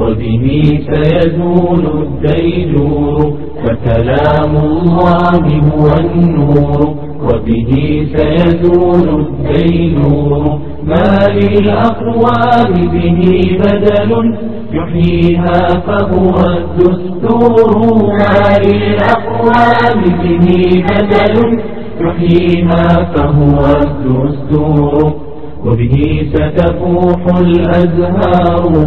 وبه سيزول الديجور فكلام الله هو النور وبه سيزول الدينور ما للأقوام به بدل يحييها فهو الدستور ما للأقوام به بدل يحييها فهو الدستور وبه ستفوح الأزهار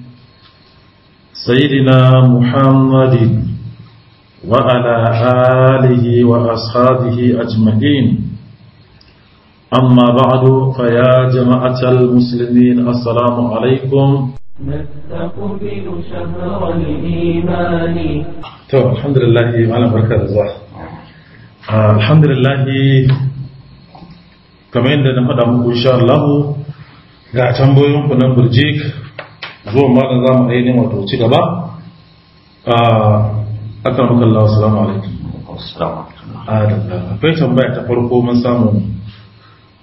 سيدنا محمد وعلى آله وأصحابه أجمعين أما بعد فيا جماعة المسلمين السلام عليكم نستقبل شهر الإيمان تو الحمد لله معنا بركة الله الحمد لله كما عندنا نفد إن شاء الله ga tambayoyinku na burjik zuwa malam za mu ainihin wato ci gaba a kan rukun lawa salamu alaikum akwai tambaya ta farko mun samu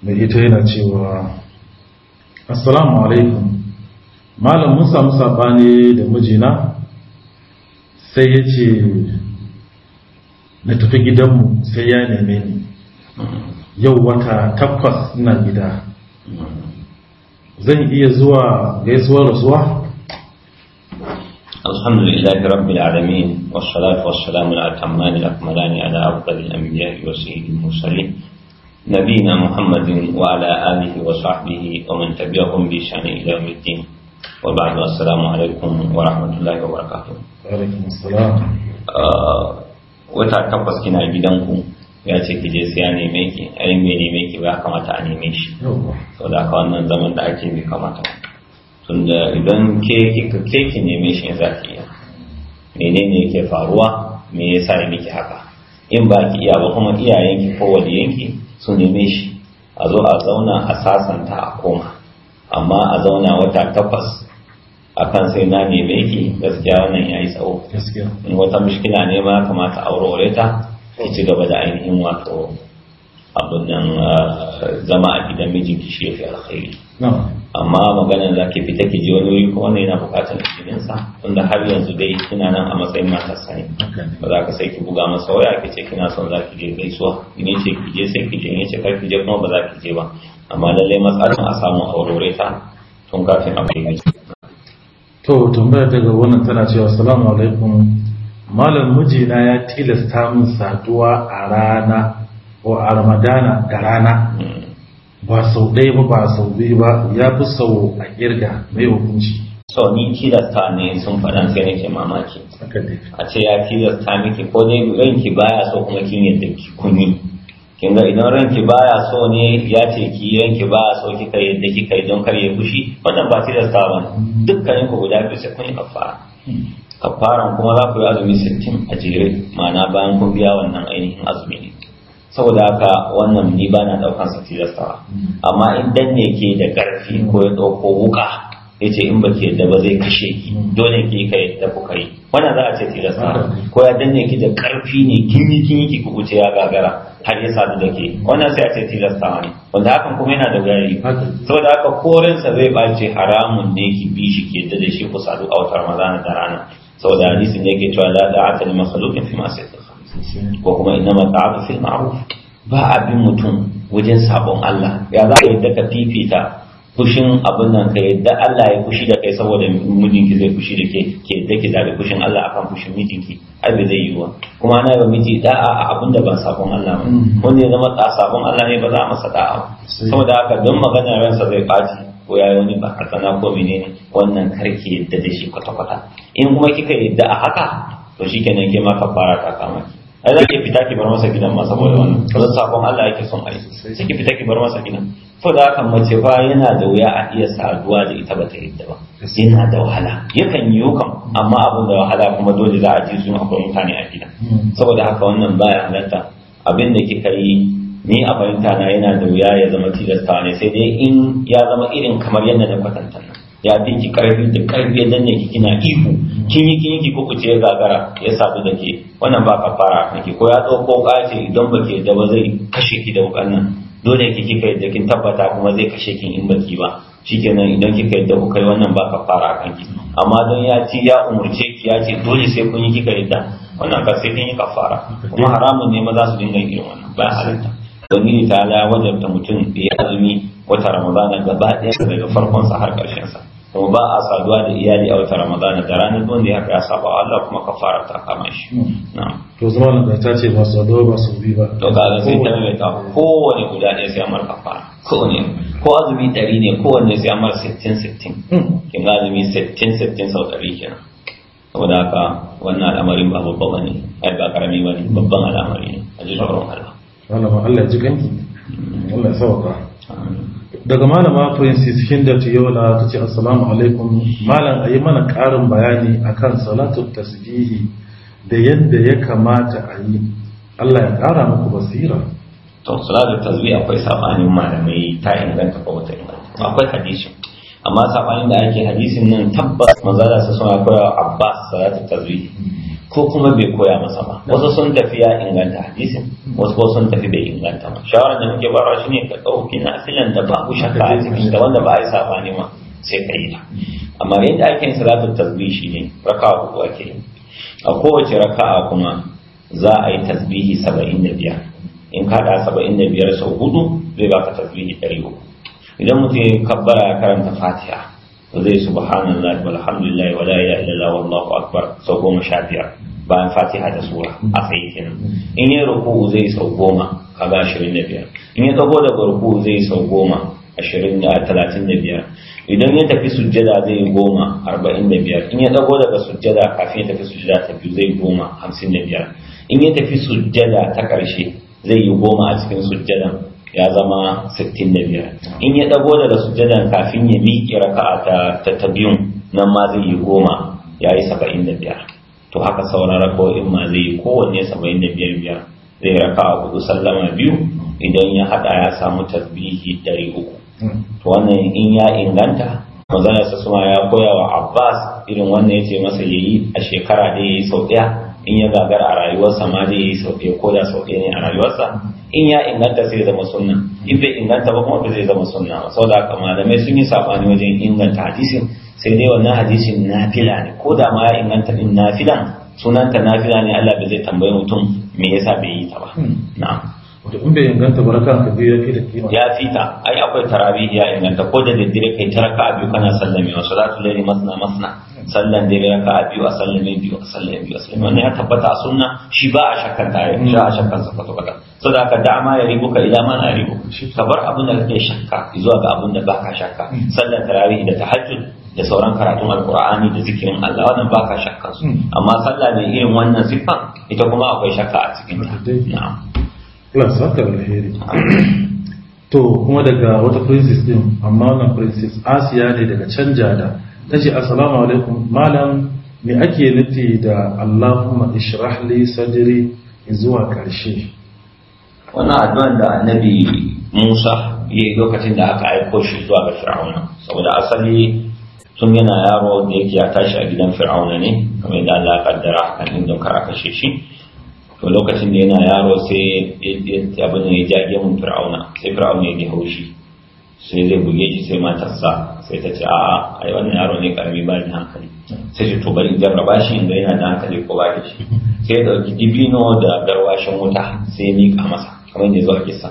mai ita yana cewa assalamu alaikum malam mun samu sabani da mijina sai ya ce na tafi gidanmu sai ya neme ni yau wata takwas na gida zan iya zuwa gaisuwar rasuwa الحمد لله رب العالمين والصلاة والسلام على الأتمان الأكملان على أفضل الأنبياء وسيد المرسلين نبينا محمد وعلى آله وصحبه ومن تبعهم بشأن إلى يوم الدين وبعد السلام عليكم ورحمة الله وبركاته. وعليكم السلام. آه، وتعتقد كنا بدنكم ya ce ki je siya neme ki ayin bai neme ki ba kamata a neme shi so da ka wannan zaman da ake bai kamata tunda idan ke ki neme shi za ki iya menene yake faruwa me yasa ya miki haka in ba ki iya ba kuma iyayenki ko yanki su neme shi a zo a zauna a sasanta a koma amma a zauna wata takwas akan sai na neme ki gaskiya wannan yayi tsawo in wata mushkila ne ma kamata aurore ta sai ci gaba da ainihin wato abin nan ah, zama a gidan mijin ki shi yafi alkhairi amma maganar da ki fita ki ji wani wuri kuma yana bukatar izininsa tunda har yanzu dai kina nan a matsayin mata ne ba za ka sai ki buga masa waya ki ce kina son za ki je gaisuwa in ya ce ki je sai ki je in ce kar ki je kuma ba za ki je ba amma lallai matsalar a samu aurore ta tun kafin a bayyana to tambayar daga wannan tana cewa assalamu alaikum malam mijina ya tilasta min saduwa a rana ko a ramadana da rana ba sau ɗaya ba sau biyu ba ya fi sau a kirga mai hukunci so ni tilasta ne sun faɗan sai nake mamaki a ce ya tilasta miki ko dai ranki baya so kuma kin yadda ki kuni kin ga idan ranki baya so ne ya ce ki ranki baya so kika yadda kika yi don kar ya fushi wannan ba tilasta ba mm. dukkanin ku guda biyu sai kun yi kafara mm. kafaran kuma za ku yi azumi sittin a jere ma'ana bayan kun biya wannan ainihin azumi ne saboda haka wannan ni ba na ɗaukan sa tilastawa amma in dan ne ke da ƙarfi ko ya ɗauko wuƙa ya ce in baki yadda ba zai kashe ki dole ki kai da kuka yi wannan za a ce tilastawa ko ya danne ki da ƙarfi ne kin yi kin yi ki ku wuce ya gagara har ya sadu da ke wannan sai a ce tilastawa ne wanda hakan kuma yana da gari saboda haka korinsa zai ɓace haramun ne ki bi shi ki yadda da shi ku sadu a wata maza da rana saboda hadisin da yake cewa la da'ata li makhluqin fi ma'siyatil ko kuma ma ta'atu fil ma'ruf ba abin mutum wajen sabon Allah ya za ka yadda ka fifita kushin abin nan ka yadda Allah ya kushi da kai saboda mijinki zai fushi da ke ke yadda ki zabi fushin Allah akan fushin mijinki ai ba zai ba kuma ana yi miji da a abin da ba sabon Allah ba mm-hmm. wanda ya zama sabon Allah ne ba za a masa da'a saboda haka don maganar ransa zai ɓaci ko ya yi wani ba ko menene wannan karki yadda da shi kwata-kwata in kuma kika yadda a haka to shi kenan ke ma kafara ta kama ki ai za ki fita ki bar masa gidan ma saboda wannan don sakon Allah ake son ai sai ki fita ki bar masa gidan to da haka mace fa yana da wuya a iya saduwa da ita bata yadda ba yana da wahala yakan yi kan amma abun da wahala kuma dole za a ji sun akwai mutane a gida hmm. saboda haka wannan baya halatta abin da kika yi ni a fahimta na yana da wuya ya zama tilasta ne sai dai in ya zama irin kamar yadda na kwatanta ya fi ki karfi da karfi dan ne kina ihu kin yi kin yi kuku ce gagara ya sadu da ke wannan ba kafara nake ko ya dauko kace idan ba ke da ba zai kashe ki da wukan nan dole ki kika yadda kin tabbata kuma zai kashe kin in baki ba shikenan idan kika yadda ku kai wannan ba kafara a ki amma don ya ci ya umurce ki ya ce dole sai kun yi kika yadda wannan ka sai kin yi kafara kuma haramun ne maza su dinga yin wannan ba halitta. ubangiji ta ya wajabta mutum ya azumi wata ramadana gaba ɗaya daga farkonsa har ƙarshensa kuma ba a saduwa da iyali a wata ramadana da ranar wanda ya haka ya saba Allah kuma ka fara ta kama shi to zama da ta ce ba saduwa ba su bi ba to ga sai ta mai ta kowane guda ɗaya sai amar kafara kowane ko azumi ɗari ne kowanne sai amar sittin sittin hmm. kin ga azumi sittin sittin sau ɗari kenan saboda haka wannan al'amarin ba babba ba ne ai ba karami ba ne babban al'amari ne a ji tsoron Allah ba Allah ji ganki Allah ya sauka daga malama princess hinda tiyola ta ce assalamu alaikum malam a yi mana ƙarin bayani akan salatu tasbihi da yadda ya kamata a yi Allah ya ƙara muku basira to salatu tasbihi akwai sabanin malamai ta inganta ko ta inganta akwai hadisi amma sabanin da ake hadisin nan tabbas manzo da suna akwai Abbas salatu tasbihi ko kuma bai koya masa ba wasu sun tafi ya inganta hadisin wasu ko sun tafi bai inganta ba shawarar da muke shi ne ka ɗauki na asilan da ba ku shakka a cikin da wanda ba a yi sabani ma sai ka yi ba amma yadda ake yin salatu tasbih ne raka'a ko ake a kowace raka'a kuma za a yi tasbihi saba'in da biyar in kaɗa saba'in da biyar sau hudu zai baka tasbihi ɗari uku idan mutum ya kabbara ya karanta fatiha ba zai subhanallah walhamdulillah wala ilaha illallah wallahu akbar sau goma sha biyar bayan fatiha da sura a tsaye kenan in yi ruku zai sau goma kaga ashirin da biyar in ya dago daga ruku zai sau goma ashirin da talatin da biyar idan ya tafi sujjada zai yi goma arba'in da biyar in ya dago daga sujjada kafin ya tafi sujjada ta biyu zai goma hamsin da biyar in ya tafi sujjada ta ƙarshe zai yi goma a cikin sujjadan ya zama 65 in ya dago da sujadan kafin ya miƙe raka'a ta ta nan ma zai yi goma ya yi 75 to haka sauran raka'o'in ma zai yi kowanne 75 zai raka'a hudu sallama biyu idan ya haɗa ya samu tasbihi uku. to wannan in ya inganta manzon sa suma ya koya wa Abbas irin wannan yace masa yayi a shekara da yayi sau ɗaya. in ya gagara a rayuwarsa ma zai yi sau ko da sau ne a rayuwarsa in ya inganta sai zama sunna in bai inganta ba kuma ba zai zama sunna ba saboda haka malamai sun yi saɓani wajen inganta hadisin sai dai wannan hadisin nafila ne ko da ma ya inganta din nafilan sunanta nafila ne Allah bai zai tambayi mutum me yasa bai yi ta ba hmm. na'am wato in bai inganta baraka ka biyu ya fi da kima ya fi ta ai akwai tarabi ya inganta ko da daddare kai taraka abu kana sallame wa salatu layli masna masna sallan dare raka a biyu a sallame biyu a sallame biyu a sallame wannan ya tabbata a sunna shi ba a shakkar tare shi a shakkar sa kwata kwata saboda dama ya ribu ka ila ma na ribu ka bar abin da kake shakka zuwa ga abin da baka shakka sallan tarawih da tahajjud da sauran karatun alqur'ani da zikirin Allah wannan baka shakka su hmm. amma sallah mai irin wannan siffa ita kuma akwai shakka a cikin ta na'am Allah saka alheri to kuma daga wata princess din amma wannan princess Asiya ne daga canja da ta ce assalamu alaikum malam me ake nufi da allahumma ishrah li sadri zuwa karshe wannan addu'an da annabi musa ya yi lokacin da aka aiko shi zuwa ga fir'auna saboda asali tun yana yaro da yake ya tashi a gidan fir'auna ne kamar da allah kaddara hakan inda kar a kashe shi to lokacin da yana yaro sai abin ya jage mun fir'auna sai fir'auna ya ji haushi sai zai buge shi sai matarsa sai ta ce a'a ai wannan yaro ne karami ba ni hankali sai shi to bari jarraba shi inda yana da hankali ko ba shi sai ya dauki dibino da garwashin wuta sai ya mika masa kamar yadda zuwa kisa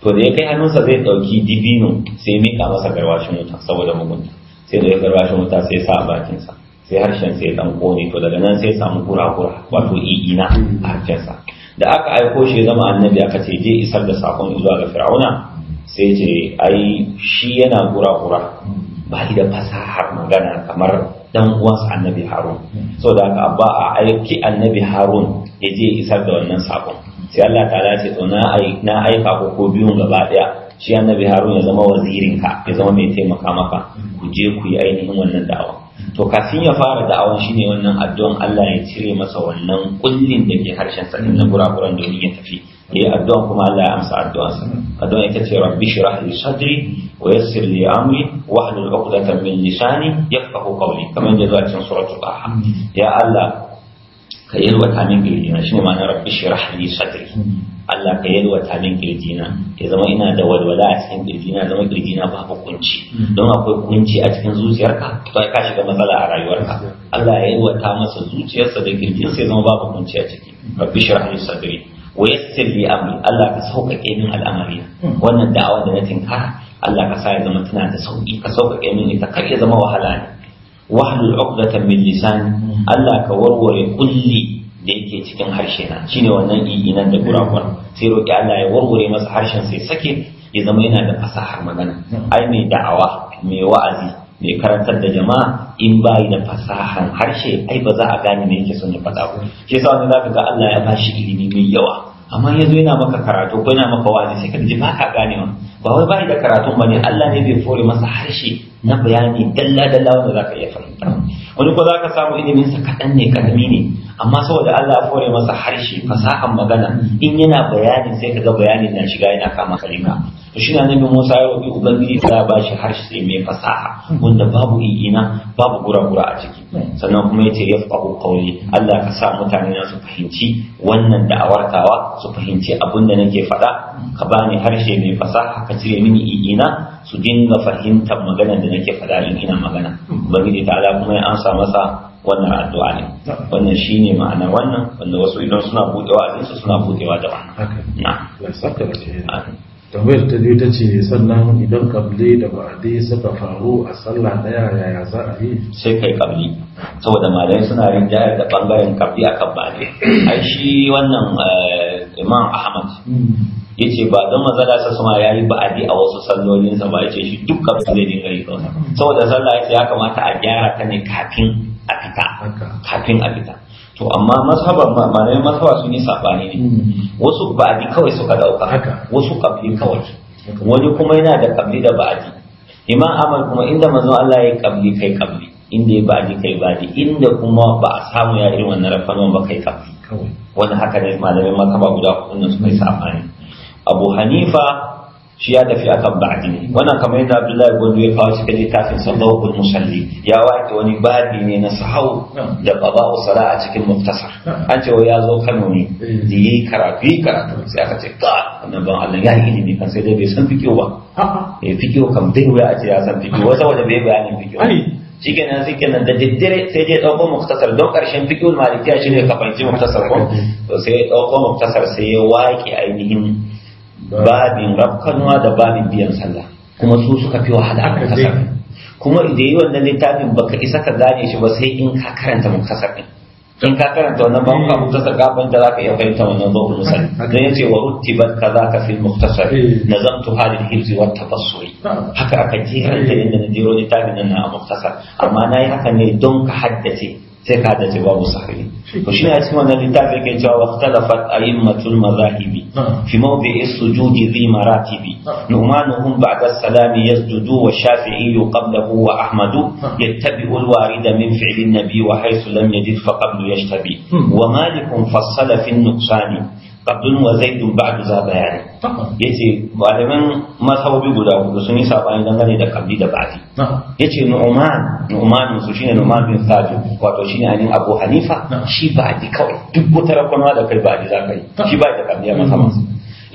to da ya kai hannunsa zai dauki dibino sai ya mika masa garwashin wuta saboda mugunta sai da ya garwashin wuta sai ya sa a bakinsa sai harshen sai dan kone to daga nan sai ya samu kura-kura wato i'ina a harshensa da aka aiko shi zama annabi aka ce je isar da sakon zuwa ga fir'auna sai ce ai shi yana gura-gura hmm. ba da fasahar magana kamar dan uwansa annabi harun hmm. sau da haka ba a aiki annabi harun ya je isar da wannan sakon sai Allah ta ce to na aika ko ko biyun gaba daya shi annabi harun ya zama wazirin ka, ya zama mai taimaka maka hmm. ku je ku yi ainihin wannan da'awa to kafin ya fara da'awa shine wannan addu'an Allah ya cire masa wannan kullin da ke harshen sa na guraguran domin ya tafi هي أدعوكم على أمس أدعوكم أدعوني كثيرا بشرح لي صدري ويسر لي أمري وحل العقدة من لساني يفقه قولي كما جزاك سورة الأحى يا الله كيلو تامين كيلدينا شنو معنى ربي شرح لي صدري الله كيلو تامين كيلدينا إذا ما إنا دول ولا أسكن كيلدينا إذا ما كيلدينا بابو كنشي دوما كوي كنشي أسكن زوجي أركا تو أكاشي كما فلا أراي وركا الله كيلو تامس زوجي أسكن كيلدينا إذا ما بابو كنشي أسكن ربي شرح لي صدري wa yassir li amri Allah ka sauƙaƙe min al'amari wannan da'awa da na tinkara Allah ka sa ya zama tana da sauƙi ka sauƙaƙe min ita kar ya zama wahala ne wahlul uqdatan min lisan Allah ka warware kulli da yake cikin harshe na shi ne wannan iginan da guragun sai roƙi Allah ya warware masa harshen sai sake ya zama yana da fasahar magana ai mai da'awa mai wa'azi mai karantar da jama'a in yi da fasahan harshe ai ba za a gane me yake son ya faɗa ba shi yasa wani zaka ga Allah ya bashi ilimi mai yawa amma yanzu yana maka karatu ko yana maka wa'azi sai ka ji ba ka ganewa ba wai bayi da karatu ba ne Allah ne bai fore masa harshe na bayani dalla dalla wanda zaka iya fahimta wani ko zaka samu ilimin sa kaɗan ne karami ne amma saboda Allah kore masa harshe fasahan magana in yana bayani sai ka ga bayanin na shiga yana kama kalima to shi ne Musa ya roki ubangiji ya ba shi harshe mai fasaha wanda babu ina babu gura-gura a ciki sannan kuma yace ya yafqahu qawli Allah ka sa mutane na su fahimci wannan da'awartawa su fahimci abin da nake faɗa ka bani harshe mai fasaha ka cire mini ina su dinga fahimtar magana da nake faɗa in ina magana ubangiji ta'ala kuma ya ansa masa wannan addu'a ne wannan shine ma'ana wannan wanda wasu idan suna budewa a su suna budewa da wannan na tambayar ta biyu ta ce sannan idan kabli da ba'adi suka faru a sallah daya yaya za a yi sai kai kabli saboda malai suna rinjayar da bangaren kabli akan ba'adi ai shi wannan eh, imam ahmad hmm. yace ba don mazala sa suma yi ba'adi a wasu sallolin sa ba yace shi dukkan kafin zai dinga yi kansa saboda sallah yace ya kamata a gyara ta ne kafin a fita kafin a fita to amma mazhaban ma ba mazhaba sun yi sabani ne mm-hmm. wasu ba'adi kawai suka dauka wasu kafin kawai wani kuma yana da kabli da ba'adi imam amal kuma inda manzo Allah ya kabli kai kabli inda ya ba'adi kai ba'adi inda kuma ba a samu ya wannan rafanon ba kai kabli wani haka ne malamin mazhaba guda kuɗin suka yi sabani abu hanifa shi ya tafi akan ba'di wannan kamar yadda abdullahi gondo ya kawo cikin littafin sallahul musalli ya wake wani babi ne na sahau da qada'u sala a cikin muftasar an ce ya zo Kano ne da yi karatu yi karatu sai aka ce ka wannan ban Allah ya yi ilimi kan sai dai bai san fikiyo ba eh fikiyo kam dai wai a ce ya san fikiyo wata wanda bai bayanin fikiyo shikenan sai kenan da daddare sai dai ɗauko Muftasar don ƙarshen fiqhul malikiya ne ka fahimci Muftasar ko to sai ɗauko Muftasar sai ya waki ainihin babin rafkanuwa da babin biyan sallah kuma su suka fi wahala a kasar kuma da yi wannan littafin baka isa ka gane shi ba sai in ka karanta muktasar din in ka karanta wannan ba ka muktasar gaban da zaka iya fahimta wannan ba kuma sai eh. dan yace wa rutibat kaza ka fi muktasar eh. nazamtu halil hifzi wat tafassuri ah. haka aka jiranta yadda na jiro littafin nan a muktasar amma nayi haka ne don ka haddace تكاد جواب صحيح وشنو اسمه اللي تعرف جواب اختلفت أئمة المذاهب آه. في موضع السجود ذي مراتب آه. نعمانهم بعد السلام يسجدوا والشافعي قبله وأحمد يتبع آه. الوارد من فعل النبي وحيث لم يجد فقبل يشتبي ومالك فصل في النقصان abdun wa zaidun ba'du za bayani yace malaman masabobi guda hudu sun yi sabani dangane da kabli da ba'di yace nu'man nu'man su shine nu'man bin thabit wato shine anin abu hanifa shi ba'di kawai duk wata rakonwa da kai ba'di za kai shi ba da kabli a masabansa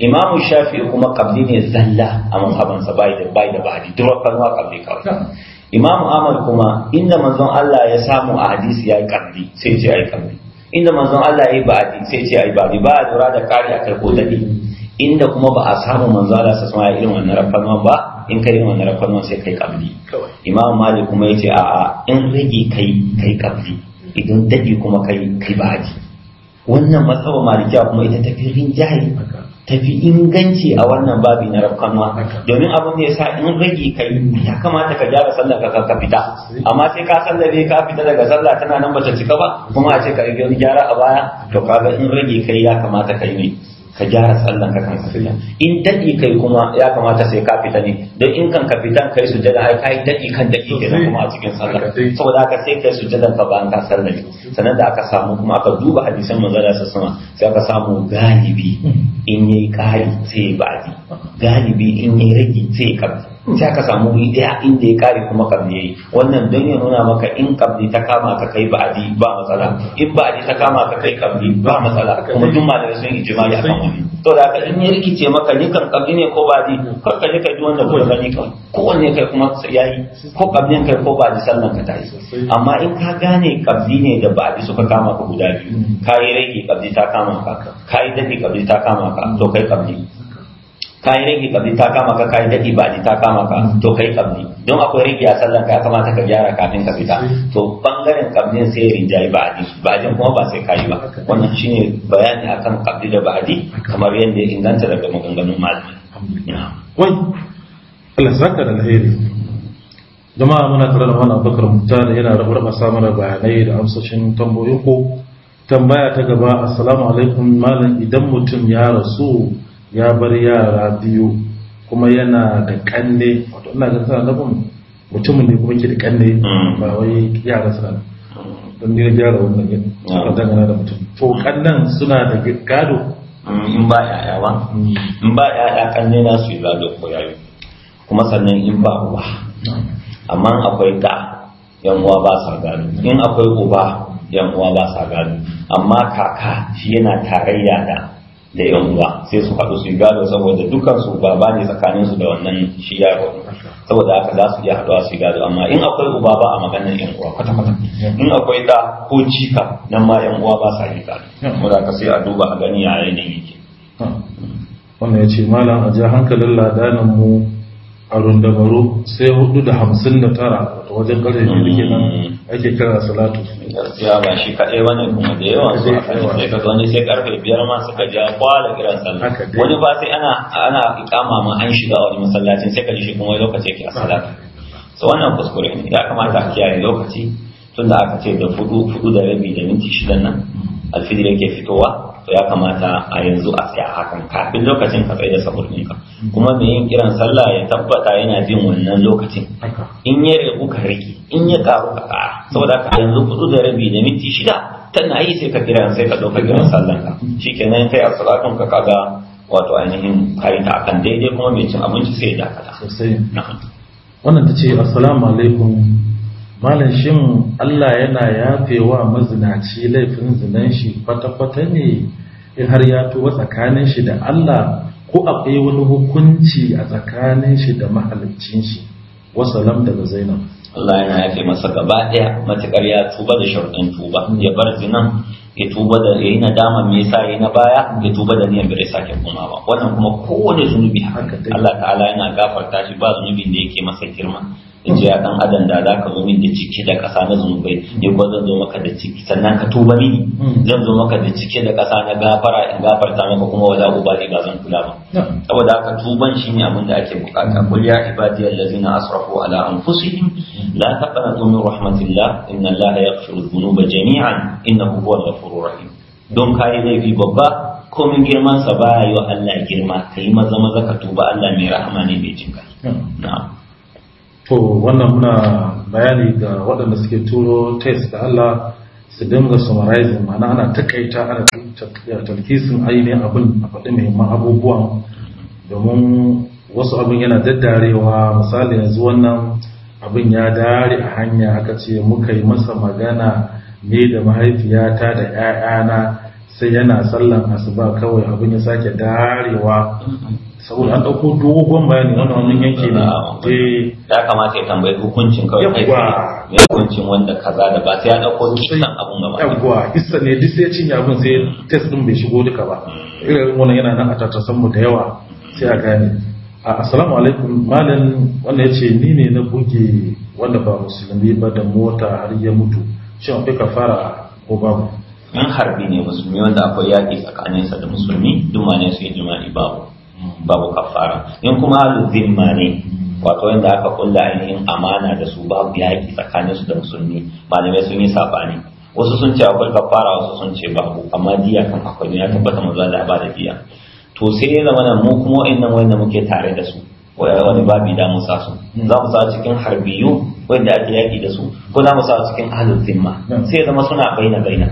Imam shafi kuma kabli ne zalla a masabansa bai da bai da ba'di duk rakonwa kabli kawai Imam amal kuma inda manzon Allah ya samu a hadisi ya yi kabli sai ya yi kabli inda manzon Allah ya yi ba'adi sai ce yi ba'adi ba a lura da kari a kai ko dadi inda kuma ba a samu manzon Allah sa sama irin wannan rafarman ba in kai irin wannan rafarman sai kai kabli imam malik kuma yace a'a in rage kai kai kabli idan dadi kuma kai kai ba'adi wannan matsawa malikiya kuma ita tafi rinjaye tafi inganci a wannan babi na rafkanwa domin abin da ya sa in rage kai yi ya kamata ka gyara sallar ka ka fita amma sai ka sallare ka fita daga sallah tana nan bata cika ba kuma a ce ka rage gyara a baya to kaga in rage kai ya kamata ka yi ka gyara sallan ka kan fita in dadi kai kuma ya kamata sai ka fita ne don in kan ka fita kai sujada ai kai dadi kan dadi nan kuma a cikin sallah saboda haka sai kai su jada ka ba ka sallame sanan da aka samu kuma aka duba hadisan manzon Allah sallallahu sai aka samu galibi in yayi kai sai ba'di galibi in yayi rage sai kafi Mm. sai ka samu wuri daya inda ya kare kuma kabli yayi wannan don ya nuna maka in kabdi ta kama ka kai ba'adi ba matsala in ba'adi ta kama ka kai kabdi ba matsala kuma duk malamai sun ijma'i akan wannan to da ka in ya rikice maka ni kan kabli ne ko ba'adi mm. kar ka je ka ji wanda ko ni kan ko wanne kai kuma yayi ko kabdi kai ko ba'adi sannan ka tayi amma in ka gane kabli ne da ba'adi suka kama ka guda biyu mm. kai rage kabdi ta kama ka kai dafi kabdi ta kama ka to kai kabdi. kayan yi rage kabdi ta kama ka ka yi daɗi ba ta kama ka to kai kabdi don akwai rage a sallan ka kamata ka gyara kafin ka fita to bangaren kabdin sai rinjayi ba ba'adin kuma ba sai kayi ba wannan shine bayani akan kabdi da ba'adi kamar yadda inganta daga maganganun malami wai Allah zaka da alheri jama'a muna tare da wannan bakar da yana rabar da bayanai da amsoshin tambayoyin tambaya ta gaba assalamu alaikum malam idan mutum ya rasu ya bar yara biyu kuma yana da kanne wato ina ga tana nufin mutumin ne kuma ke da kanne mm. ba wai yara suna mm. don ne gyara wannan yin suka dangana da mutum to kannan suna da gado mm, in ba yaya ba in ba yaya kanne na su yi gado ko yayi kuma sannan in ba uba amma akwai da yan uwa ba sa gado in akwai uba yan uwa ba sa gado amma kaka shi yana tarayya da da yan uwa sai su haɗu su yi gado saboda dukkan su baba ne tsakanin su da wannan shi yaro saboda haka za su iya haɗuwa su yi gado amma in akwai uba ba a maganar yan uwa kwata kwata in akwai da ko cika nan ma yan uwa ba sa yi gado saboda ka sai a duba a gani yaya ne yake wannan ya ce malam a ji hankalin ladanan mu a rundabaro sai hudu da hamsin da tara wata wajen karfe da ke nan hmm. ake kira salatu gaskiya ba shi kaɗai wani kuma da yawan su sai ka wani sai karfe biyar ma suka ja kwala kiran sallah wani ba sai ana ana ikama ma an shiga wani masallacin sai ka ji shi kuma lokaci yake a salatu so wannan kuskure ne ya kamata a kiyaye lokaci tunda aka ce da fudu fudu da rabi da minti shidan nan hmm. alfijir yake fitowa to ya kamata a yanzu a siya hakan kafin lokacin ka tsaye da sahur kuma mai yin kiran sallah ya tabbata yana jin wannan lokacin in ya rabu ka rage in ya karu ka ƙara saboda haka yanzu kudu da rabi da minti shida tana yi sai ka kira sai ka ɗauka kiran sallan ka nan kai a salatun ka kaga wato ainihin kari ta akan daidai kuma mai cin abinci sai ya dakata sosai wannan ta ce assalamu alaikum malam shin Allah yana wa mazinaci laifin zinan shi kwata-kwata ne in har ya tuwa tsakanin shi da Allah ko akwai wani hukunci a tsakanin shi da mahalicin shi wasalam daga zainab Allah yana yafe masa gaba daya matukar ya tuba da sharuɗin tuba ya bar zinan ya tuba da yayi nadama me yasa yayi na baya ya tuba da niyan bai sake kuma ba wannan kuma kowane zunubi haka Allah ta'ala yana gafarta shi ba zunubin da yake masa girma yace ya dan adam da ka zo min da cike da ƙasa na zunubai ni ko zan zo maka da ciki sannan ka tuba ni zan zo maka da cike da ƙasa na gafara in gafarta maka kuma wala ubali ba zan kula ba saboda haka tuban shi ne abin da ake bukata qul ya ibadiy allazina asrafu ala anfusihim la taqnatu min rahmatillah inna allaha yaghfiru dhunuba jami'an innahu huwal ghafurur rahim don kai fi babba komin girman sa baya yi wa Allah girma kai maza maza ka tuba Allah mai rahama ne mai jinka na'am to wannan muna bayani ga waɗanda suke turo test da Allah su dinga summarizing ma'ana ana takaita ana talkisin ainihin abin a faɗi muhimman abubuwan domin wasu abin yana daddarewa misali yanzu wannan abin ya dare a hanya aka ce muka yi masa magana ne da mahaifiyata da 'ya'yana sai yana sallan asuba kawai abin ya sake darewa saboda an ɗauko dogon bayani wannan wannan yanke ne eh. ya kamata ya tambayi hukuncin kawai kai ne hukuncin wanda kaza da ba sai ya ɗauko kisan abun ba yawwa isa ne duk sai cinye abun sai hmm. test din bai shigo duka ba irin wannan yana nan a tattasan mu da yawa sai a gane assalamu alaikum malam wannan yace ni ne na buge wanda ba musulmi ba da mota har ya mutu shin akwai kafara ko babu in harbi ne musulmi wanda akwai yaƙi tsakaninsa da musulmi duma ne su yi jima'i babu babu kafara in kuma alu zimma ne wato yadda aka kulla ainihin amana da su babu yaƙi tsakanin su da musulmi malamai sun yi sabani wasu sun ce akwai kafara wasu sun ce babu amma diya kan akwai ne ya tabbata mu Allah ba da diya to sai ya zama mu kuma wa'annan wanda muke tare da su wani babi da musa su za mu sa cikin harbiyu wanda ake yaki da su ko za mu sa cikin ahlul zimma sai zama suna baina baina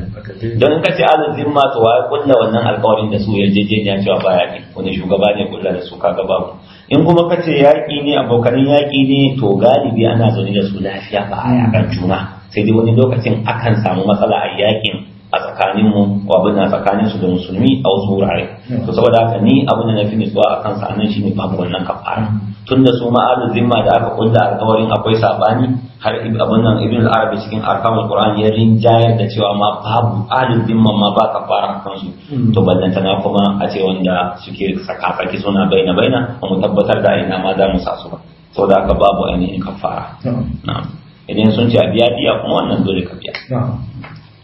don in ka ce ahlul zimma to wai kulla wannan alƙawarin da su yarjejeniya cewa ba yaki wani shugaba ne kulla da su kaga babu in kuma kace ce yaki ne abokanin yaki ne to galibi ana zaune da su lafiya ba a yakan juna sai dai wani lokacin akan samu matsala a yakin a tsakaninmu ko abin tsakanin tsakaninsu da musulmi a wasu wurare hmm. to saboda haka ni abin da na fi nutsuwa a kansa a nan shi ne babu wannan kafara tun da su ma'adu zimma da aka kulla alkawarin akwai sabani har abin nan ibn arabi cikin arkamul qur'an ya rinjayar da cewa ma babu alu zimma ma ba kafara a kansu hmm. to ballantana kuma a ce wanda suke tsakatsaki suna baina baina ba mu tabbatar da ina ma za mu sa su ba saboda haka babu ainihin kafara hmm. idan sun ce a biya biya kuma wannan dole ka biya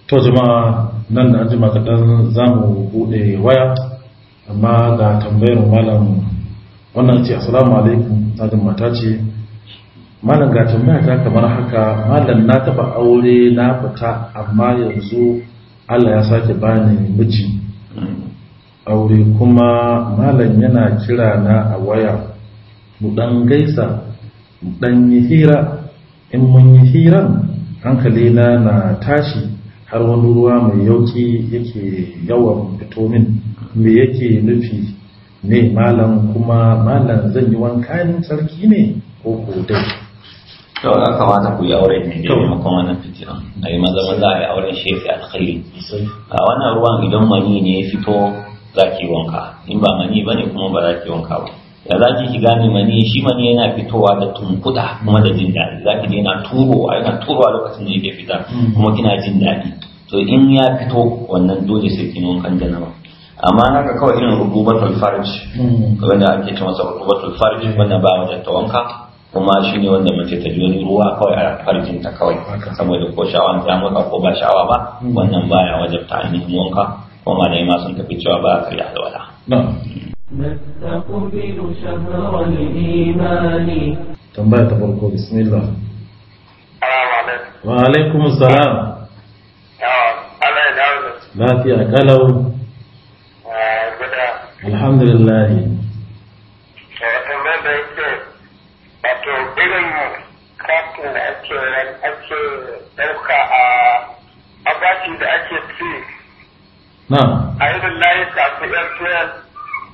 to jama'a nan da anjima kaɗan za mu buɗe waya amma ga tambayar malam wannan ce assalamu alaikum tajin mata ce malam ga tambaya ta kamar haka malam na taba aure na fita amma yanzu allah ya sake bani miji aure kuma malam yana kira na a waya mu ɗan gaisa mu yi hira in mun yi hiran hankali na na tashi har wani ruwa mai yauki yake yawan bitomin me yake nufi ne malam kuma malam zan yi wankan sarki ne ko ko dai aka ya kamata ku yi aure ne da makon wannan fitira, na yi maza maza a yi auren shefi alkhairi a wannan ruwan idan mani ne ya fito za ki wanka in ba mani ba ne kuma ba za ki wanka ba ya za ki shiga mai mani shi mani yana fitowa da tunkuda kuma da jin daɗi za ki yana turo, a yana turowa lokacin da yake fita hmm. kuma kina jin daɗi to in ya fito wannan dole sai kin wankan janaba amma haka kawai irin rububatul farj hmm. wanda ake ce masa rububatul farj hmm. wanda ba wajen ta wanka kuma shi ne wanda mace ta ji ruwa kawai a farjin ta kawai saboda ko sha'awan ta maka ko ba sha'awa ba wannan baya wajen ta ainihin wanka kuma da ma sun tafi cewa ba a karya alwala نستقبل شهر الإيمان تنبأ تبركو بسم الله السلام عليكم وعليكم السلام نعم، نعم. لا في أكلوا آه، الحمد لله آه، نعم أيضا لا يتعطي أكل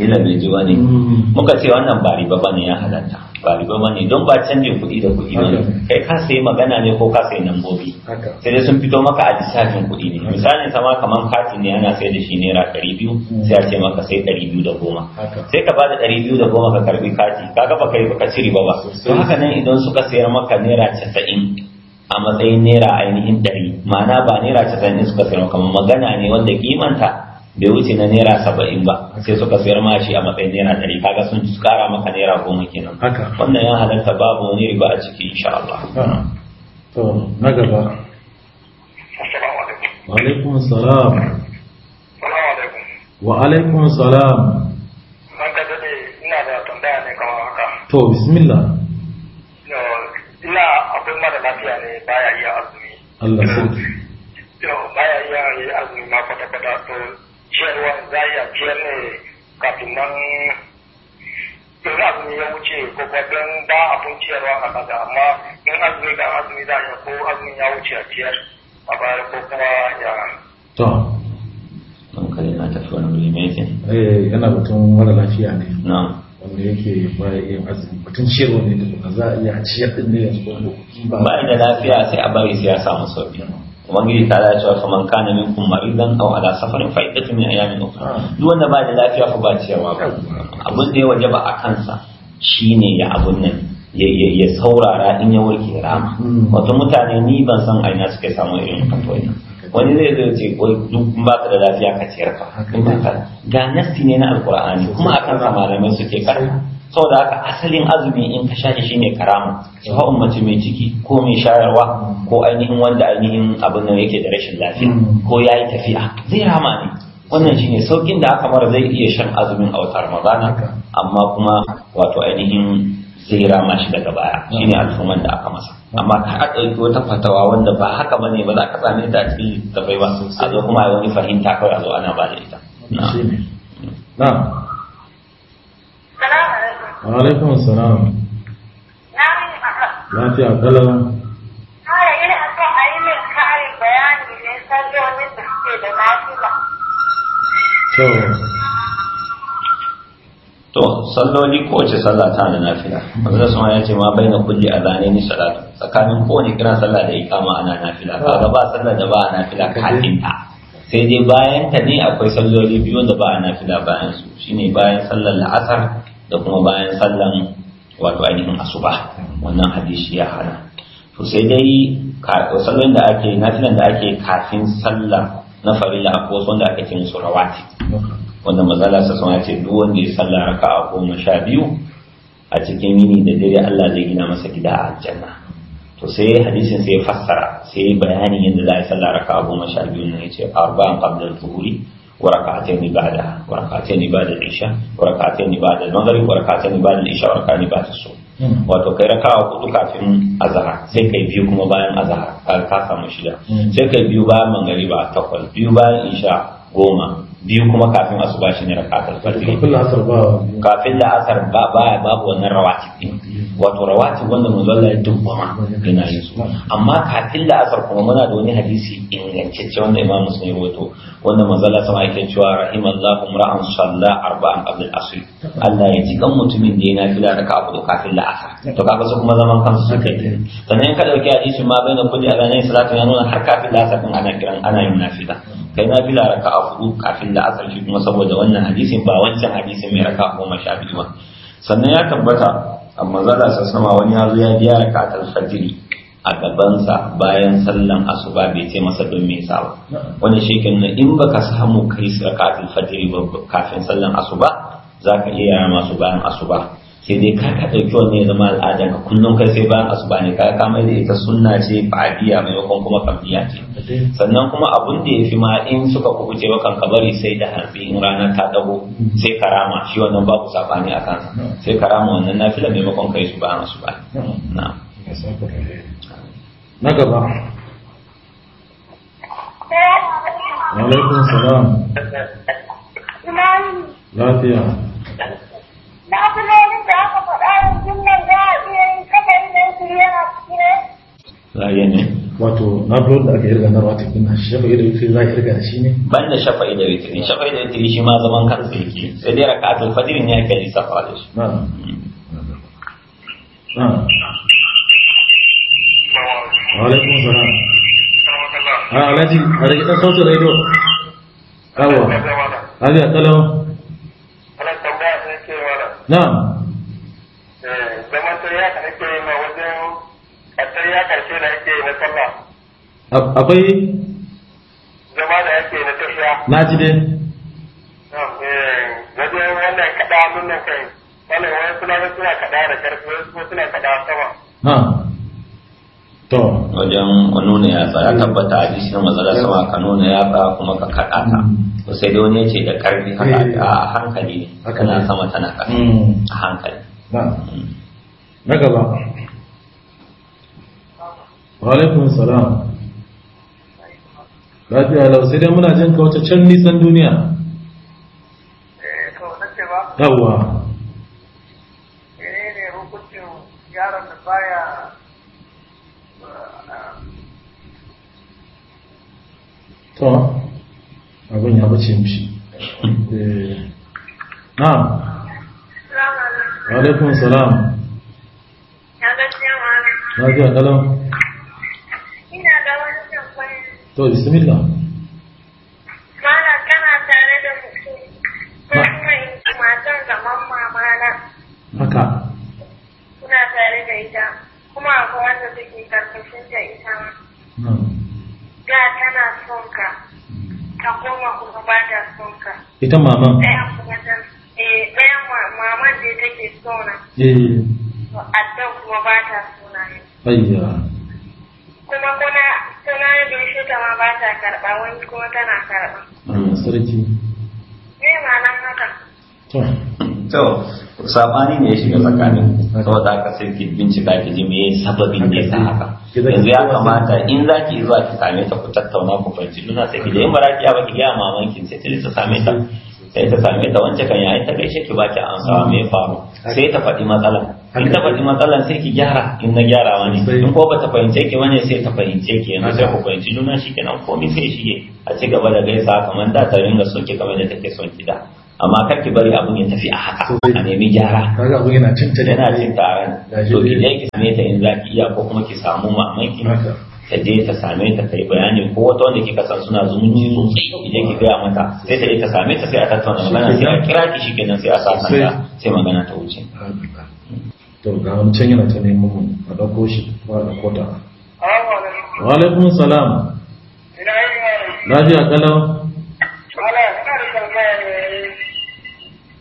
kila mai wani mm. muka ce wannan ba riba ne ya halatta ba riba ne don ba canjin kuɗi da kuɗi ne kai ka sayi magana ne ko ka sayi nambobi sai dai sun fito maka a lissafin kuɗi ne misalin sama kamar kati ne ana sai da shi naira ɗari biyu mm. sai a ce maka sai ɗari biyu da goma sai ka bada ɗari biyu da goma ka karbi kati ka ba kai ka ci riba ba to haka nan idan suka sayar maka naira casa'in a matsayin naira ainihin ɗari ma'ana ba naira casa'in suka sayar maka magana ne wanda kimanta bai wuce na naira saba'in ba sai suka sayar ma shi a matsayin naira ɗari kaga sun kara maka naira goma kenan wannan ya halatta babu wani riba a ciki insha Allah to na gaba wa alaikum salam wa alaikum salam ka dade ina da tambaya ne kamar haka to bismillah ina akwai mara lafiya ne baya iya azumi Allah sauki baya iya azumi ma kwata-kwata ciyarwa za a iya ciyar ne kafin nan in azumi ya wuce ko kuma don ba abun ciyarwa a kaga amma in azumi dan azumi za a iya ko azumin ya wuce a ciyar a baya ko kuma ya to don kare na tafi wani wuri me yake eh yana batun mara lafiya ne na'am wanda yake ba ya yin azumi batun ciyarwa ne da za a iya ciyar din ne yanzu ba ba da lafiya sai a bari sai ya samu sauki ubangiji ta ya cewa faman kana kun maridan aw ala safarin fa idatu min ayamin ukhra ah. duk wanda ba da lafiya ko ba ciyawa ba abun da ya wajaba a kansa shine ya abun nan ya saurara in ya warke rama hmm. wato mutane ni ban san aina suke samu irin fatoyi wani zai zai ce wai duk ba da lafiya ka ciyar ka ga nasti ne na alqur'ani kuma akan malamai suke karanta saboda haka asalin azumi in ka shashi shine karama haɗin mace mai ciki ko mai shayarwa ko ainihin wanda ainihin abin nan yake da rashin lafiya ko ya yi tafiya zai rama ne wannan shine saukin da aka mara zai iya shan azumin a wata ramadana amma kuma wato ainihin zai rama shi daga baya shine alfuman da aka masa amma ka a ɗauki wata fatawa wanda ba haka ba ne ba za ka same ta a cikin littattafai ba a zo kuma wani fahimta kawai a zo ana ba da ita na'am Alaikun salam. Na ce a kalan. Kare ina so a yi min karin bayani ne sallolin da suke da lafiya. To. To, salloli wace sallah ta da nafila. Wanda sun ya ce ma bai na kulli a zane ni salatu. Tsakanin kowane kiran sallah da ikama ana nafila. ga ba sallah da ba a nafila kafin ta. Sai dai bayan ta ne akwai salloli biyu da ba a nafila bayan su. Shine bayan sallar la'asar da kuma bayan sallan wato ainihin asuba wannan hadisi ya hana to sai dai sallan da ake nafilan da ake kafin salla na farilla ko wanda ake cin su rawati wanda mazala sa sun ce duk wanda ya sallah raka'a goma sha biyu a cikin yini da dare Allah zai gina masa gida a aljanna to sai hadisin sai fassara sai bayanin yadda za a yi sallah raka'a goma sha biyu ne ya ce arba'an qabla al-zuhuri وركعتين بعدها وركعتين بعد العشاء وركعتين بعد المغرب وركعتين بعد العشاء وركعتين بعد الصبح wato kai raka rakawa hudu kafin azhar sai kai biyu kuma bayan azhar ka samu shida sai kai biyu bayan mangariba takwas biyu bayan isha goma biyu kuma kafin asuba shi ne rakatul fajr kafin da asar ba ba babu wannan rawatib din wato rawatib wanda manzo Allah ya ma. yana yin su amma kafin da asar kuma muna da wani hadisi ingantacce wanda Imam Muslim yi wato wanda manzo Allah sama yake cewa rahimallahu ra'an salla arba'an qabl al-asr Allah ya ji kan mutumin da yana fila da ka abu kafin da asar to kaga su kuma zaman kansu suka yi sannan ka dauki hadisi ma bayan kulli azanain salatu ya nuna har kafin da asar din ana kiran ana yin nafila kai na bila raka a hudu kafin da asar shi kuma saboda wannan hadisin ba wancan hadisin mai raka goma sha biyu ba sannan ya tabbata amma za a sassama wani ya zo ya biya raka ta fajiri a gabansa bayan sallan asuba bai ce masa don me yasa ba wani shekin na in baka samu kai raka ta fajiri ba kafin sallan asuba zaka iya yara masu bayan asuba sai dai ka ka ɗauki wannan ya zama al'adar ka kullum kai sai bayan asuba ne ka ka mai da ita sunna ce fa'adiya maimakon kuma kamfiya ce sannan kuma abun da ya fi ma in suka kubuce maka ka bari sai da harbi in rana ta dago sai karama shi wannan babu sabani a kan sai karama wannan nafila maimakon kai su bayan asuba na na gaba Wa alaikum salam. Lafiya. na filolin da aka faɗa a iya yin cikin wato na filolin da aka yi riga na rawata kuma shafa'i da witiri za a yi riga da shi ne ban da shafa'i da witiri shafa'i da witiri shi ma zaman kansa yake sai dai raka atul fadirin ya kai safa da shi Walaikun salam. Ah, Alhaji, a rage ɗan sautin rediyo. Awa. Abiya, kalau. na'am eh, zaman ka ma wajen karshe da na sallah akwai zama da na tafiya na ji dai wajen eh, wannan kaɗa nunan kai wani suna suna da karfi wani kuma suna kaɗa sama to wajen nuna yatsa ya tabbata a jishin mazala sama ka nuna yatsa kuma ka kaɗa ta mm. to sai dai wani ya ce da ƙarfi haka eh. a hankali ne tana sama tana ƙasa hmm. a hankali hmm. na gaba walaikun salam lafiya lau sai dai muna jin kawace can nisan duniya eh, yawwa yaron da baya eh, abin ya bace mishi eh, Na wa alaikun salam na ji a kalan ina da wani tambayin to bismillah mana kana tare da mutum ko kuma matan gaban mama mana. haka kuna tare da ita kuma akwai wanda take karkashin da ita ma ga tana son ka ka koma kuma ba da son ka ita mama ɗayan kuma eh ɗayan maman da eh, ke sona eh addan kuma ba ta sona ne ayya kuma kuna kuna da shi ta ma ba ta karɓa wani kuma tana karɓa sarki me ma nan haka to to sabani ne ya shiga tsakanin saboda haka sai ki bincika ki ji me sababin ne sa haka yanzu ya kamata in za ki zuwa ki same ta ku tattauna ku fahimci nuna sai ki je in ba ki ya ba ki gaya mamakin sai ta same ta sai ta same ta wance kan yayi ta gaishe ki baki an sawa me faru sai ta faɗi matsala in ta faɗi matsalan sai ki gyara in na gyara wani in ko bata fahimce ki bane sai ta fahimce ki yanzu sai ku fahimci juna kenan komai sai shige a ci gaba da gaisa kamar da ta ringa son ki kamar da take son ki da amma kar ki bari abun ya tafi a haka a nemi gyara kaga abun yana cinta ta yana cinta ran to ki dai ki same ta in zaki ki iya ko kuma ki samu mamanki ta je ta same ta kai bayani ko wata wanda kika san suna zumunci sosai idan ki gaya mata sai ta je ta same ta sai a tattauna magana sai a kira ki shi kenan sai a sa sanda sai magana ta wuce to ga wani can yana ta neman mu a dauko shi ba da kota wa alaikum salam lafiya kalau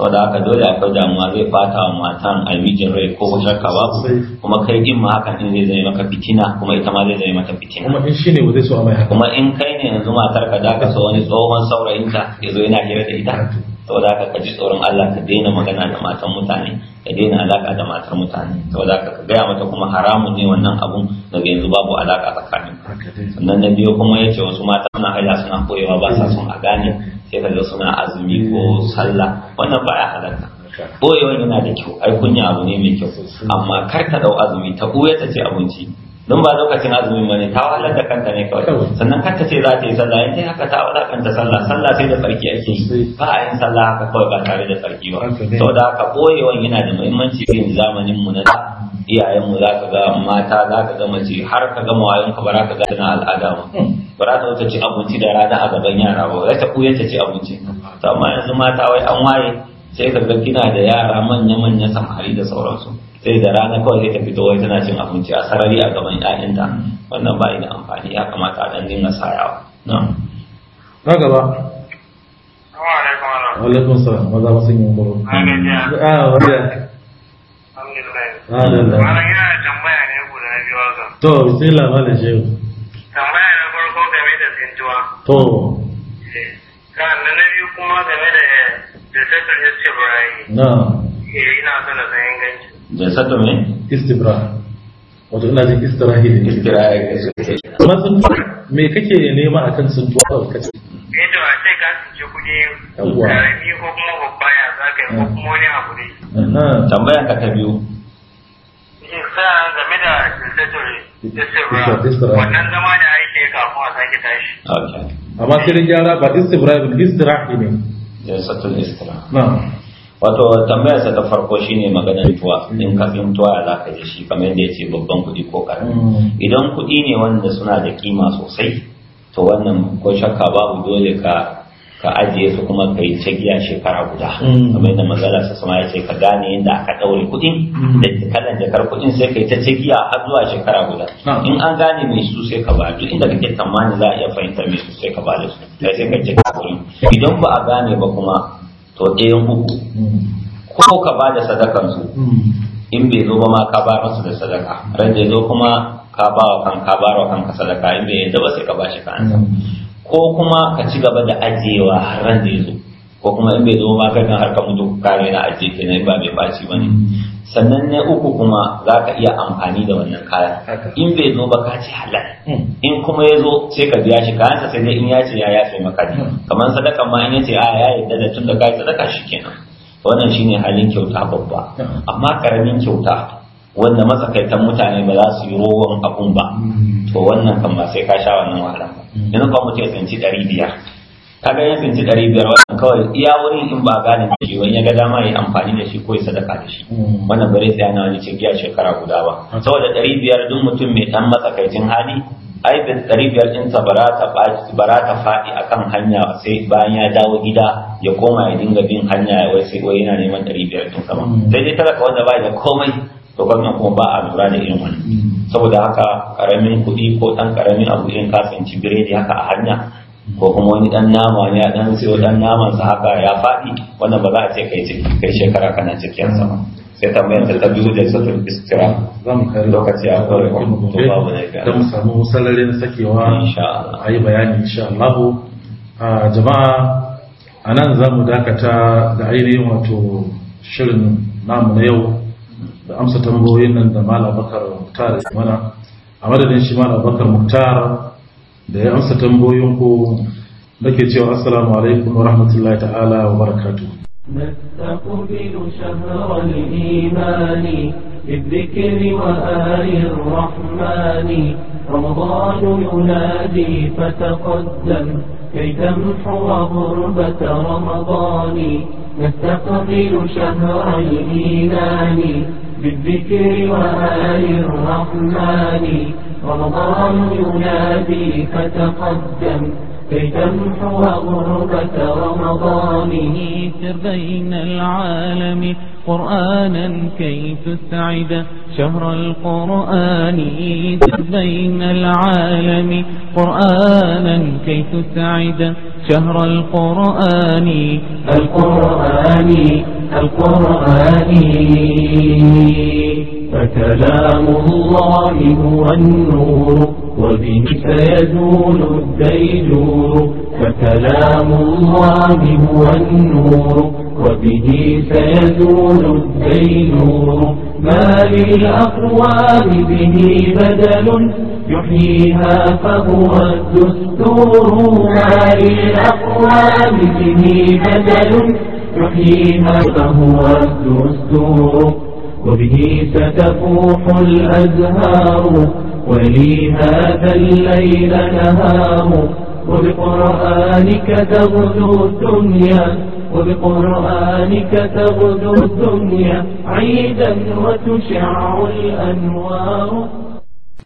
saboda haka dole akwai damuwa zai fata wa matan mijin rai ko ka ba kuma kai din ma hakan din zai zama maka fitina kuma ita ma zai zame maka fitina kuma in shine ba zai so mai kuma in kai ne yanzu matar ka da ka so wani tsohon saurayin ka zo yana hira da ita saboda haka ka ji tsoron Allah ka daina magana da matan mutane ka daina alaka da matar mutane saboda haka ka gaya mata kuma haramun ne wannan abun daga yanzu babu alaka tsakanin sannan na biyu kuma yace wasu mata suna haila suna koyewa ba sa son a gane sai ka ga suna azumi ko sallah wannan ba ya halarta boyewa yana da kyau ai kunya abu ne mai kyau amma kar ka dau azumi ta ɓoye ta ce abinci don ba lokacin azumin ba ne, ta wahalar da kanta ne kawai sannan kar ta ce za ta yi sallah in haka ta kanta sallah sallah sai da tsarki ake yi ba a yin sallah haka kawai ba tare da tsarki ba saboda haka boyewan yana da muhimmanci irin zamanin mu na da iyayenmu za ka ga mata za ka ga mace har ka gama mawayin ka ba ka ga tana al'ada ba hmm. ba za ta wuce ci abinci da rana a gaban yara ba za ta kuya ta ci abinci to amma yanzu mata wai an waye sai ka ga kina da yara manya manya samari da sauransu sai da rana kawai sai ta fito wai tana cin abinci a sarari a gaban ƴaƴanta wannan ba da amfani ya kamata a dan dinga sarawa na gaba Wa alaikum assalam. Maza musun Malam yana tambaya ne guda na biyu haka. To, sai labarin shehu. Tambaya na farko game da tsintuwa. To. Eh, Sannan na biyu kuma game da jasatun istibrahi. Na. Eh, ina son na san inganci. Jasatun ne? Istibrahi. Wato ina jin istirahi ne. Istirahi ne. Kuma tsintuwa, me kake nema akan tsintuwa a kace? Eh, to, a ce ka tsinci kuɗi yau? karami ko kuma babba ya za ka yi ko kuma wani abu ne. Tambayan ka ta biyu. isa game da sirra amma sai gyara ba istibra ba istira ne jalsatul istira wato tambayarsa ta farko shine maganar tuwa in ka tuwa ya zaka ji shi kamar yadda yace babban kuɗi ko ƙarami mm. idan kuɗi ne wanda suna da kima sosai to wannan ko shakka babu dole ka ka ajiye su kuma ka yi cagiya shekara guda mm. kamar yadda manzala su sama ya ce ka gane yadda aka ɗaure kuɗin mm. da kalan jakar kuɗin sai ka yi ta cagiya har zuwa shekara guda in an gane mai su sai ka ba inda kake tamani za a iya fahimtar mai su sai ka bada su su sai ka ce idan ba a gane ba kuma to ɗaya uku mm. ko ka bada da su in bai zo ba ma ka ba masu da sadaka ran zo kuma ka ba wa kan ka ba wa kanka sadaka in bai yadda ba sai ka ba shi ka an ko kuma ka ci gaba da ajiyewa har ran da ya ko kuma in bai zo ma kai kan har ka mutu kare na ajiye kenan ba bai baci bane mm. sannan na uku kuma za ka iya amfani da wannan kayan in bai zo ba ka ci halal mm. in kuma ya zo sai ka biya shi kayansa sai dai in ya ce ya ya sai maka mm. kamar sadaka ma in ya ce a ya yadda da tun da kai sadaka shi kenan wannan shine halin kyauta babba amma karamin kyauta wanda matsakaitan mutane ba za su yi rowan abun ba to wannan kan ba sai ka sha wannan wahala mm. yanzu kuma mutu ya tsinci ɗari biyar ga ya tsinci ɗari biyar wannan kawai iya wurin in ba gane da shi wani ya ga dama ya amfani da shi ko ya sadaka da shi mm. wannan bare sai ana wani ce giya shekara guda ba saboda ɗari biyar duk mutum mai ɗan matsakaicin hali ai da ɗari biyar ɗin ta barata ta faɗi a kan hanya sai bayan ya dawo gida ya koma ya dinga bin hanya wai sai wai yana neman ɗari biyar tun sama mm. sai dai talaka wanda ba da komai to wannan kuma ba a lura da irin wani saboda haka karamin kuɗi ko ɗan karamin abu irin kasance biredi haka a hanya ko kuma wani dan nama ne dan sayo dan naman sa haka ya faɗi wannan ba za a ce kai ciki kai shekara kana cikin yanzu ba sai tambayar ta tabi da satul istira zan kai lokaci a kore ko babu ne ga mu samu musallare na sakewa insha Allah ayi bayani insha Allah a jama'a anan zamu dakata da ainihin wato shirin namu na yau da amsa tambayoyin nan da malam bakar muktar ya mana a madadin shi malam bakar muktar da ya amsa tambayoyin ku nake cewa assalamu alaikum wa rahmatullahi ta'ala wa barakatuh نستقبل شهر الإيمان بالذكر وآل الرحمن رمضان ينادي فتقدم كي تمحو غربة رمضان نستقبل شهر الإيمان بالذكر وآل الرحمن رمضان ينادي فتقدم كي تمحو غربة رمضانه سر بين العالم قرآنا كي تسعد شهر القرآن سر بين العالم قرآنا كي تسعد شهر القرآن القرآن القرآن فكلام الله هو النور وبه سيزول الديجور فكلام الله هو النور وبه سيزول الدينور ما للأقوام به بدل يحييها فهو الدستور ما للأقوام به بدل يحيي فهو الدستور وبه ستفوح الأزهار ولي هذا الليل نهار وبقرآنك تغدو الدنيا وبقرآنك تغدو الدنيا عيدا وتشع الأنوار